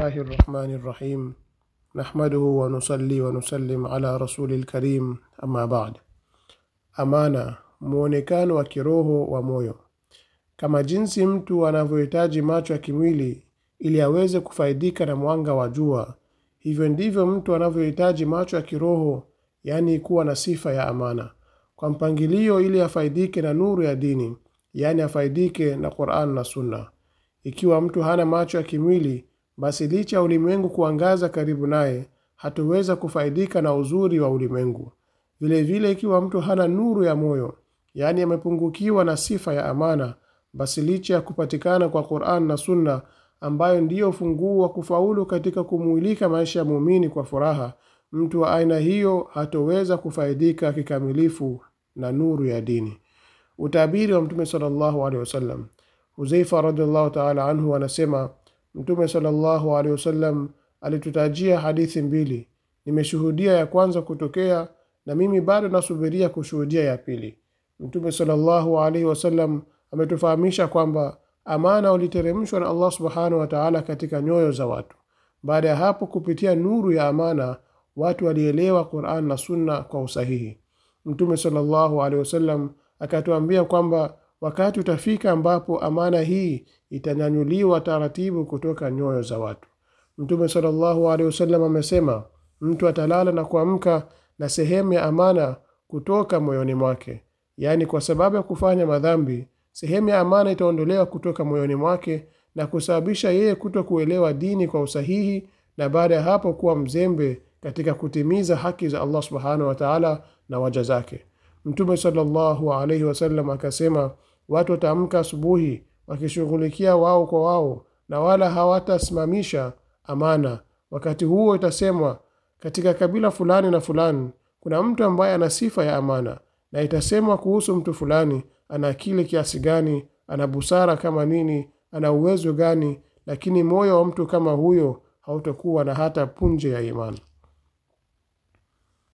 الله الرحمن الرحيم نحمده ونصلي ونسلم على رسول الكريم أما بعد Amana, muonekano wa kiroho wa moyo. Kama jinsi mtu anavyohitaji macho ya kimwili ili aweze kufaidika na mwanga wa jua, hivyo ndivyo mtu anavyohitaji macho ya kiroho, yani kuwa na sifa ya amana, kwa mpangilio ili afaidike na nuru ya dini, yani afaidike na Qur'an na Sunna. Ikiwa mtu hana macho ya kimwili, basi licha ya ulimwengu kuangaza karibu naye, hatoweza kufaidika na uzuri wa ulimwengu. Vilevile ikiwa mtu hana nuru ya moyo, yaani amepungukiwa na sifa ya amana, basi licha ya kupatikana kwa Quran na Sunna ambayo ndiyo ufunguo wa kufaulu katika kumuilika maisha ya muumini kwa furaha, mtu wa aina hiyo hatoweza kufaidika kikamilifu na nuru ya dini. Utabiri wa Mtume sallallahu alaihi wasallam. Huzaifa radhiallahu taala anhu anasema Mtume sallallahu alaihi wasallam alitutajia hadithi mbili, nimeshuhudia ya kwanza kutokea na mimi bado nasubiria kushuhudia ya pili. Mtume sallallahu alaihi wasallam ametufahamisha kwamba amana uliteremshwa na Allah subhanahu wa ta'ala katika nyoyo za watu. Baada ya hapo, kupitia nuru ya amana watu walielewa Qur'an na Sunna kwa usahihi. Mtume sallallahu alaihi wasallam akatuambia kwamba Wakati utafika ambapo amana hii itanyanyuliwa taratibu kutoka nyoyo za watu. Mtume sallallahu alaihi wasallam amesema, mtu atalala na kuamka na sehemu ya amana kutoka moyoni mwake, yaani kwa sababu ya kufanya madhambi, sehemu ya amana itaondolewa kutoka moyoni mwake na kusababisha yeye kuto kuelewa dini kwa usahihi, na baada ya hapo kuwa mzembe katika kutimiza haki za Allah subhanahu wa taala na waja zake. Mtume sallallahu alaihi wasallam akasema Watu wataamka asubuhi wakishughulikia wao kwa wao, na wala hawatasimamisha amana. Wakati huo itasemwa, katika kabila fulani na fulani kuna mtu ambaye ana sifa ya amana, na itasemwa kuhusu mtu fulani, ana akili kiasi gani, ana busara kama nini, ana uwezo gani. Lakini moyo wa mtu kama huyo hautokuwa na hata punje ya imani.